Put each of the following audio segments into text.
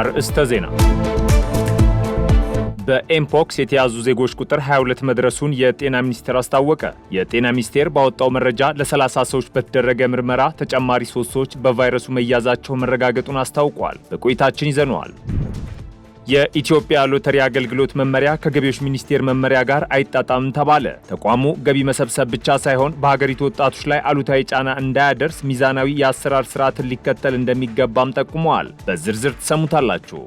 አርዕስተ ዜና በኤምፖክስ የተያዙ ዜጎች ቁጥር 22 መድረሱን የጤና ሚኒስቴር አስታወቀ። የጤና ሚኒስቴር ባወጣው መረጃ ለ30 ሰዎች በተደረገ ምርመራ ተጨማሪ ሶስት ሰዎች በቫይረሱ መያዛቸው መረጋገጡን አስታውቋል። በቆይታችን ይዘነዋል። የኢትዮጵያ ሎተሪ አገልግሎት መመሪያ ከገቢዎች ሚኒስቴር መመሪያ ጋር አይጣጣምም ተባለ። ተቋሙ ገቢ መሰብሰብ ብቻ ሳይሆን በሀገሪቱ ወጣቶች ላይ አሉታዊ ጫና እንዳያደርስ ሚዛናዊ የአሰራር ስርዓትን ሊከተል እንደሚገባም ጠቁመዋል። በዝርዝር ትሰሙታላችሁ።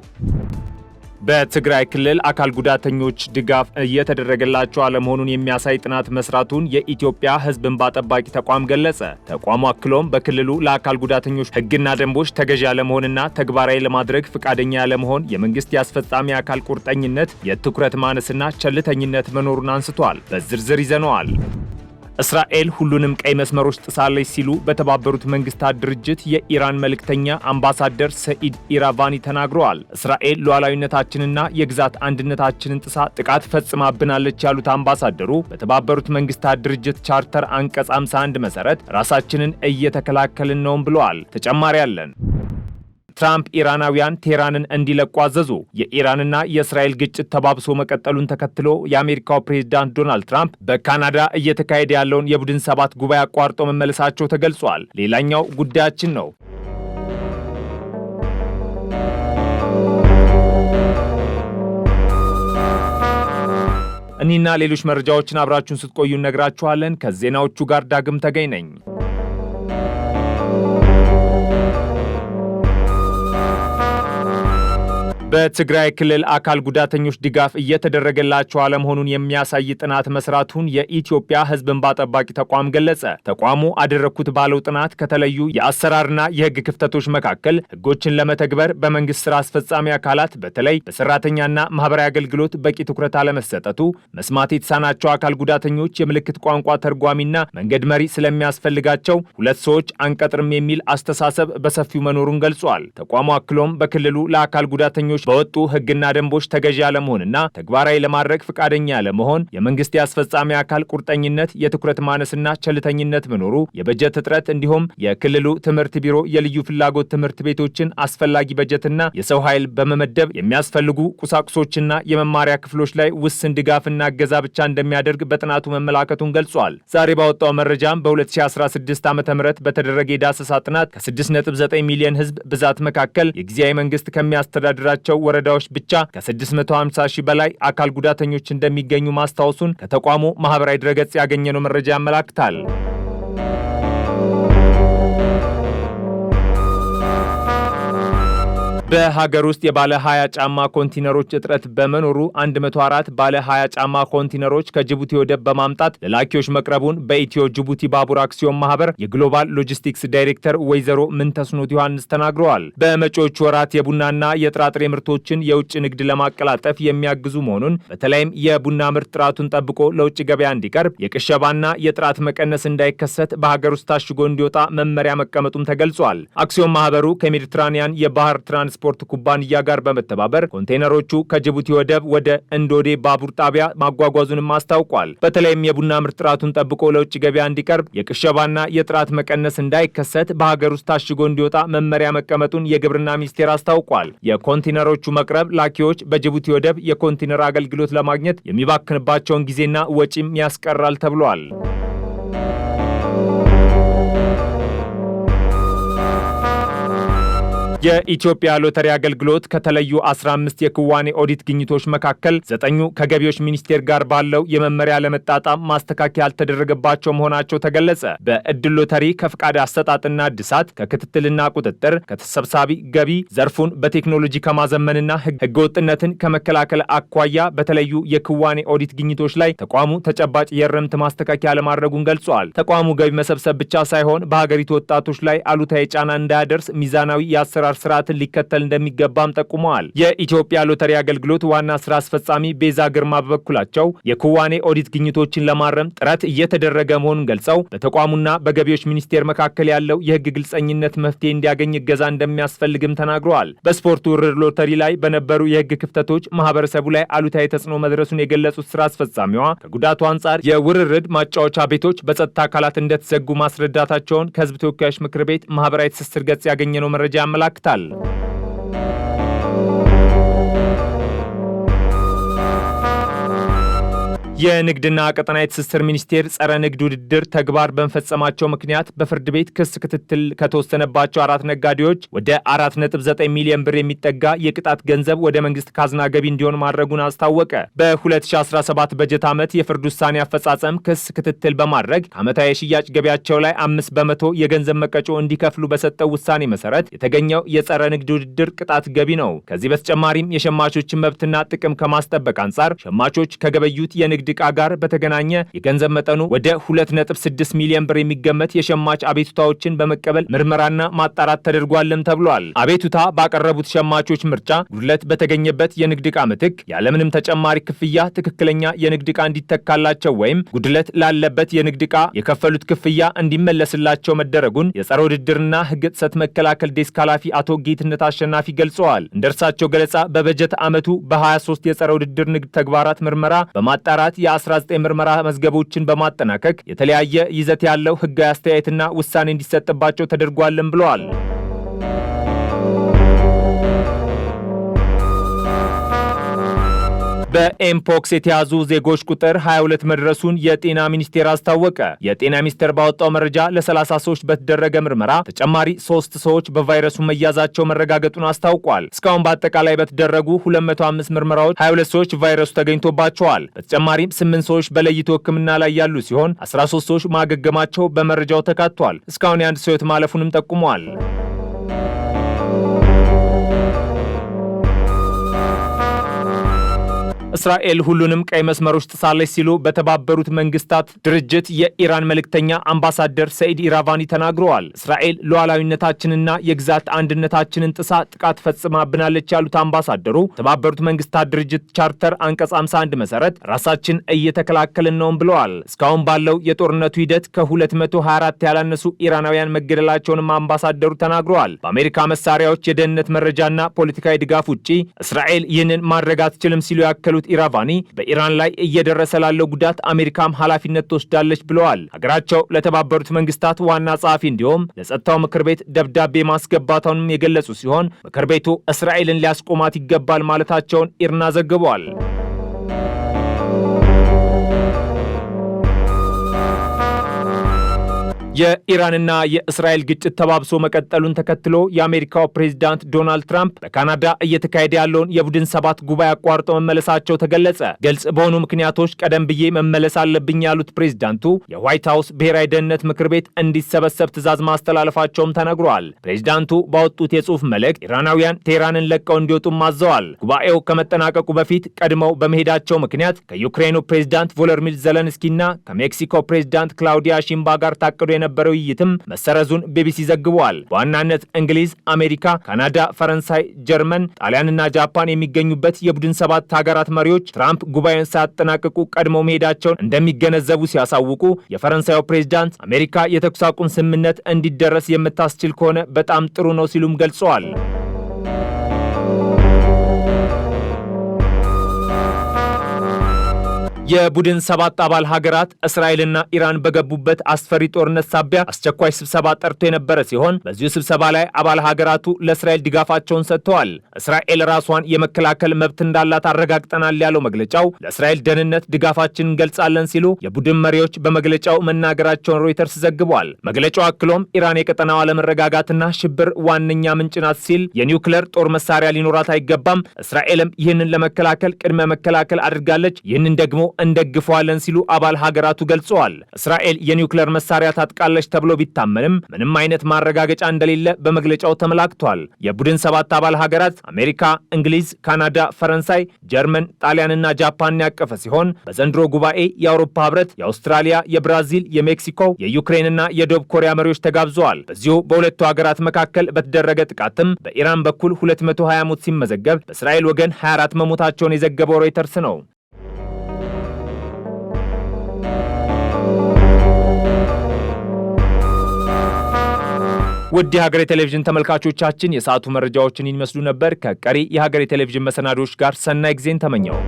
በትግራይ ክልል አካል ጉዳተኞች ድጋፍ እየተደረገላቸው አለመሆኑን የሚያሳይ ጥናት መስራቱን የኢትዮጵያ ሕዝብ እንባ ጠባቂ ተቋም ገለጸ። ተቋሙ አክሎም በክልሉ ለአካል ጉዳተኞች ሕግና ደንቦች ተገዥ ያለመሆንና ተግባራዊ ለማድረግ ፈቃደኛ ያለመሆን የመንግስት የአስፈጻሚ አካል ቁርጠኝነት፣ የትኩረት ማነስና ቸልተኝነት መኖሩን አንስቷል። በዝርዝር ይዘነዋል። እስራኤል ሁሉንም ቀይ መስመሮች ጥሳለች ሲሉ በተባበሩት መንግስታት ድርጅት የኢራን መልእክተኛ አምባሳደር ሰኢድ ኢራቫኒ ተናግረዋል። እስራኤል ሉዓላዊነታችንና የግዛት አንድነታችንን ጥሳ ጥቃት ፈጽማብናለች ያሉት አምባሳደሩ በተባበሩት መንግስታት ድርጅት ቻርተር አንቀጽ 51 መሰረት ራሳችንን እየተከላከልን ነውም ብለዋል። ተጨማሪ አለን። ትራምፕ ኢራናውያን ቴህራንን እንዲለቁ አዘዙ። የኢራንና የእስራኤል ግጭት ተባብሶ መቀጠሉን ተከትሎ የአሜሪካው ፕሬዚዳንት ዶናልድ ትራምፕ በካናዳ እየተካሄደ ያለውን የቡድን ሰባት ጉባኤ አቋርጦ መመለሳቸው ተገልጿል። ሌላኛው ጉዳያችን ነው። እኒህና ሌሎች መረጃዎችን አብራችሁን ስትቆዩ እነግራችኋለን። ከዜናዎቹ ጋር ዳግም ተገኝ ነኝ። በትግራይ ክልል አካል ጉዳተኞች ድጋፍ እየተደረገላቸው አለመሆኑን የሚያሳይ ጥናት መስራቱን የኢትዮጵያ ሕዝብ እንባ ጠባቂ ተቋም ገለጸ። ተቋሙ አደረግኩት ባለው ጥናት ከተለዩ የአሰራርና የህግ ክፍተቶች መካከል ሕጎችን ለመተግበር በመንግስት ስራ አስፈጻሚ አካላት በተለይ በሰራተኛና ማህበራዊ አገልግሎት በቂ ትኩረት አለመሰጠቱ፣ መስማት የተሳናቸው አካል ጉዳተኞች የምልክት ቋንቋ ተርጓሚና መንገድ መሪ ስለሚያስፈልጋቸው ሁለት ሰዎች አንቀጥርም የሚል አስተሳሰብ በሰፊው መኖሩን ገልጿል። ተቋሙ አክሎም በክልሉ ለአካል ጉዳተኞች ክልሎች በወጡ ህግና ደንቦች ተገዢ አለመሆንና ተግባራዊ ለማድረግ ፈቃደኛ አለመሆን፣ የመንግስት የአስፈጻሚ አካል ቁርጠኝነት፣ የትኩረት ማነስና ቸልተኝነት መኖሩ፣ የበጀት እጥረት እንዲሁም የክልሉ ትምህርት ቢሮ የልዩ ፍላጎት ትምህርት ቤቶችን አስፈላጊ በጀትና የሰው ኃይል በመመደብ የሚያስፈልጉ ቁሳቁሶችና የመማሪያ ክፍሎች ላይ ውስን ድጋፍና እገዛ ብቻ እንደሚያደርግ በጥናቱ መመላከቱን ገልጿል። ዛሬ ባወጣው መረጃም በ2016 ዓ ም በተደረገ የዳሰሳ ጥናት ከ6.9 ሚሊዮን ህዝብ ብዛት መካከል የጊዜያዊ መንግስት ከሚያስተዳድራቸው ባላቸው ወረዳዎች ብቻ ከ650 ሺህ በላይ አካል ጉዳተኞች እንደሚገኙ ማስታወሱን ከተቋሙ ማህበራዊ ድረገጽ ያገኘነው መረጃ ያመላክታል። በሀገር ውስጥ የባለ 20 ጫማ ኮንቲነሮች እጥረት በመኖሩ 104 ባለ 20 ጫማ ኮንቲነሮች ከጅቡቲ ወደብ በማምጣት ለላኪዎች መቅረቡን በኢትዮ ጅቡቲ ባቡር አክሲዮን ማህበር የግሎባል ሎጂስቲክስ ዳይሬክተር ወይዘሮ ምንተስኖት ዮሐንስ ተናግረዋል። በመጪዎቹ ወራት የቡናና የጥራጥሬ ምርቶችን የውጭ ንግድ ለማቀላጠፍ የሚያግዙ መሆኑን በተለይም የቡና ምርት ጥራቱን ጠብቆ ለውጭ ገበያ እንዲቀርብ የቅሸባና የጥራት መቀነስ እንዳይከሰት በሀገር ውስጥ ታሽጎ እንዲወጣ መመሪያ መቀመጡም ተገልጿል። አክሲዮን ማህበሩ ከሜዲትራኒያን የባህር ትራንስ ትራንስፖርት ኩባንያ ጋር በመተባበር ኮንቴይነሮቹ ከጅቡቲ ወደብ ወደ እንዶዴ ባቡር ጣቢያ ማጓጓዙንም አስታውቋል። በተለይም የቡና ምርት ጥራቱን ጠብቆ ለውጭ ገበያ እንዲቀርብ የቅሸባና የጥራት መቀነስ እንዳይከሰት በሀገር ውስጥ ታሽጎ እንዲወጣ መመሪያ መቀመጡን የግብርና ሚኒስቴር አስታውቋል። የኮንቴነሮቹ መቅረብ ላኪዎች በጅቡቲ ወደብ የኮንቴነር አገልግሎት ለማግኘት የሚባክንባቸውን ጊዜና ወጪም ያስቀራል ተብሏል። የኢትዮጵያ ሎተሪ አገልግሎት ከተለዩ 15 የክዋኔ ኦዲት ግኝቶች መካከል ዘጠኙ ከገቢዎች ሚኒስቴር ጋር ባለው የመመሪያ ለመጣጣም ማስተካከያ ያልተደረገባቸው መሆናቸው ተገለጸ። በእድል ሎተሪ ከፍቃድ አሰጣጥና እድሳት፣ ከክትትልና ቁጥጥር፣ ከተሰብሳቢ ገቢ፣ ዘርፉን በቴክኖሎጂ ከማዘመንና ህገወጥነትን ከመከላከል አኳያ በተለዩ የክዋኔ ኦዲት ግኝቶች ላይ ተቋሙ ተጨባጭ የእርምት ማስተካከያ ለማድረጉን ገልጿል። ተቋሙ ገቢ መሰብሰብ ብቻ ሳይሆን በሀገሪቱ ወጣቶች ላይ አሉታዊ ጫና እንዳያደርስ ሚዛናዊ የአሰራር የአሰራር ስርዓትን ሊከተል እንደሚገባም ጠቁመዋል። የኢትዮጵያ ሎተሪ አገልግሎት ዋና ስራ አስፈጻሚ ቤዛ ግርማ በበኩላቸው የክዋኔ ኦዲት ግኝቶችን ለማረም ጥረት እየተደረገ መሆኑን ገልጸው በተቋሙና በገቢዎች ሚኒስቴር መካከል ያለው የህግ ግልጸኝነት መፍትሄ እንዲያገኝ እገዛ እንደሚያስፈልግም ተናግረዋል። በስፖርቱ ውርር ሎተሪ ላይ በነበሩ የህግ ክፍተቶች ማህበረሰቡ ላይ አሉታዊ ተጽዕኖ መድረሱን የገለጹት ስራ አስፈጻሚዋ ከጉዳቱ አንጻር የውርርድ ማጫወቻ ቤቶች በጸጥታ አካላት እንደተዘጉ ማስረዳታቸውን ከህዝብ ተወካዮች ምክር ቤት ማህበራዊ ትስስር ገጽ ያገኘነው መረጃ ያመላክታል። tal. የንግድና ቀጠናዊ ትስስር ሚኒስቴር ጸረ ንግድ ውድድር ተግባር በመፈጸማቸው ምክንያት በፍርድ ቤት ክስ ክትትል ከተወሰነባቸው አራት ነጋዴዎች ወደ 4.9 ሚሊዮን ብር የሚጠጋ የቅጣት ገንዘብ ወደ መንግስት ካዝና ገቢ እንዲሆን ማድረጉን አስታወቀ። በ2017 በጀት ዓመት የፍርድ ውሳኔ አፈጻጸም ክስ ክትትል በማድረግ ከዓመታዊ የሽያጭ ገቢያቸው ላይ አምስት በመቶ የገንዘብ መቀጮ እንዲከፍሉ በሰጠው ውሳኔ መሰረት የተገኘው የጸረ ንግድ ውድድር ቅጣት ገቢ ነው። ከዚህ በተጨማሪም የሸማቾችን መብትና ጥቅም ከማስጠበቅ አንጻር ሸማቾች ከገበዩት የንግድ ዕቃ ጋር በተገናኘ የገንዘብ መጠኑ ወደ 2.6 ሚሊዮን ብር የሚገመት የሸማች አቤቱታዎችን በመቀበል ምርመራና ማጣራት ተደርጓልም ተብሏል። አቤቱታ ባቀረቡት ሸማቾች ምርጫ ጉድለት በተገኘበት የንግድ ዕቃ ምትክ ያለምንም ተጨማሪ ክፍያ ትክክለኛ የንግድ ዕቃ እንዲተካላቸው ወይም ጉድለት ላለበት የንግድ ዕቃ የከፈሉት ክፍያ እንዲመለስላቸው መደረጉን የጸረ ውድድርና ሕግ ጥሰት መከላከል ዴስክ ኃላፊ አቶ ጌትነት አሸናፊ ገልጸዋል። እንደ እርሳቸው ገለጻ በበጀት ዓመቱ በ23 የጸረ ውድድር ንግድ ተግባራት ምርመራ በማጣራት አካላት የ19 ምርመራ መዝገቦችን በማጠናቀቅ የተለያየ ይዘት ያለው ህጋዊ አስተያየትና ውሳኔ እንዲሰጥባቸው ተደርጓልን ብለዋል። በኤምፖክስ የተያዙ ዜጎች ቁጥር 22 መድረሱን የጤና ሚኒስቴር አስታወቀ። የጤና ሚኒስቴር ባወጣው መረጃ ለ30 ሰዎች በተደረገ ምርመራ ተጨማሪ ሶስት ሰዎች በቫይረሱ መያዛቸው መረጋገጡን አስታውቋል። እስካሁን በአጠቃላይ በተደረጉ 205 ምርመራዎች 22 ሰዎች ቫይረሱ ተገኝቶባቸዋል። በተጨማሪም 8 ሰዎች በለይቶ ሕክምና ላይ ያሉ ሲሆን 13 ሰዎች ማገገማቸው በመረጃው ተካቷል። እስካሁን የአንድ ሰው ሕይወት ማለፉንም ጠቁመዋል። እስራኤል ሁሉንም ቀይ መስመሮች ጥሳለች ሲሉ በተባበሩት መንግስታት ድርጅት የኢራን መልእክተኛ አምባሳደር ሰኢድ ኢራቫኒ ተናግረዋል። እስራኤል ሉዓላዊነታችንና የግዛት አንድነታችንን ጥሳ ጥቃት ፈጽማብናለች ያሉት አምባሳደሩ የተባበሩት መንግስታት ድርጅት ቻርተር አንቀጽ 51 መሰረት ራሳችን እየተከላከልን ነውም ብለዋል። እስካሁን ባለው የጦርነቱ ሂደት ከ224 ያላነሱ ኢራናውያን መገደላቸውንም አምባሳደሩ ተናግረዋል። በአሜሪካ መሳሪያዎች የደህንነት መረጃና ፖለቲካዊ ድጋፍ ውጪ እስራኤል ይህንን ማድረግ አትችልም ሲሉ ያከሉት የገለጹት ኢራቫኒ በኢራን ላይ እየደረሰ ላለው ጉዳት አሜሪካም ኃላፊነት ትወስዳለች ብለዋል። ሀገራቸው ለተባበሩት መንግስታት ዋና ጸሐፊ እንዲሁም ለጸጥታው ምክር ቤት ደብዳቤ ማስገባታውንም የገለጹ ሲሆን ምክር ቤቱ እስራኤልን ሊያስቆማት ይገባል ማለታቸውን ኢርና ዘግቧል። የኢራንና የእስራኤል ግጭት ተባብሶ መቀጠሉን ተከትሎ የአሜሪካው ፕሬዚዳንት ዶናልድ ትራምፕ በካናዳ እየተካሄደ ያለውን የቡድን ሰባት ጉባኤ አቋርጦ መመለሳቸው ተገለጸ። ግልጽ በሆኑ ምክንያቶች ቀደም ብዬ መመለስ አለብኝ ያሉት ፕሬዚዳንቱ የዋይት ሀውስ ብሔራዊ ደህንነት ምክር ቤት እንዲሰበሰብ ትዕዛዝ ማስተላለፋቸውም ተነግሯል። ፕሬዚዳንቱ ባወጡት የጽሑፍ መልእክት ኢራናውያን ቴህራንን ለቀው እንዲወጡም አዘዋል። ጉባኤው ከመጠናቀቁ በፊት ቀድመው በመሄዳቸው ምክንያት ከዩክሬኑ ፕሬዚዳንት ቮሎዲሚር ዘለንስኪና ከሜክሲኮ ፕሬዚዳንት ክላውዲያ ሺምባ ጋር ታቅዶ የነበረው ውይይትም መሰረዙን ቢቢሲ ዘግቧል። በዋናነት እንግሊዝ፣ አሜሪካ፣ ካናዳ፣ ፈረንሳይ፣ ጀርመን፣ ጣሊያንና ጃፓን የሚገኙበት የቡድን ሰባት ሀገራት መሪዎች ትራምፕ ጉባኤውን ሳያጠናቅቁ ቀድመው መሄዳቸውን እንደሚገነዘቡ ሲያሳውቁ የፈረንሳዩ ፕሬዚዳንት አሜሪካ የተኩስ አቁም ስምምነት እንዲደረስ የምታስችል ከሆነ በጣም ጥሩ ነው ሲሉም ገልጸዋል። የቡድን ሰባት አባል ሀገራት እስራኤልና ኢራን በገቡበት አስፈሪ ጦርነት ሳቢያ አስቸኳይ ስብሰባ ጠርቶ የነበረ ሲሆን በዚሁ ስብሰባ ላይ አባል ሀገራቱ ለእስራኤል ድጋፋቸውን ሰጥተዋል። እስራኤል ራሷን የመከላከል መብት እንዳላት አረጋግጠናል ያለው መግለጫው ለእስራኤል ደህንነት ድጋፋችን እንገልጻለን ሲሉ የቡድን መሪዎች በመግለጫው መናገራቸውን ሮይተርስ ዘግቧል። መግለጫው አክሎም ኢራን የቀጠናው አለመረጋጋትና ሽብር ዋነኛ ምንጭ ናት ሲል የኒውክለር ጦር መሳሪያ ሊኖራት አይገባም፣ እስራኤልም ይህንን ለመከላከል ቅድመ መከላከል አድርጋለች፣ ይህንን ደግሞ እንደግፈዋለን ሲሉ አባል ሀገራቱ ገልጸዋል። እስራኤል የኒውክሌር መሳሪያ ታጥቃለች ተብሎ ቢታመንም ምንም አይነት ማረጋገጫ እንደሌለ በመግለጫው ተመላክቷል። የቡድን ሰባት አባል ሀገራት አሜሪካ፣ እንግሊዝ፣ ካናዳ፣ ፈረንሳይ፣ ጀርመን፣ ጣሊያንና ጃፓንን ያቀፈ ሲሆን በዘንድሮ ጉባኤ የአውሮፓ ህብረት፣ የአውስትራሊያ፣ የብራዚል፣ የሜክሲኮ፣ የዩክሬንና የደቡብ ኮሪያ መሪዎች ተጋብዘዋል። በዚሁ በሁለቱ ሀገራት መካከል በተደረገ ጥቃትም በኢራን በኩል 220 ሞት ሲመዘገብ በእስራኤል ወገን 24 መሞታቸውን የዘገበው ሮይተርስ ነው። ውድ የሀገሬ ቴሌቪዥን ተመልካቾቻችን የሰዓቱ መረጃዎችን ይመስሉ ነበር። ከቀሪ የሀገሬ ቴሌቪዥን መሰናዶዎች ጋር ሰናይ ጊዜን ተመኘው።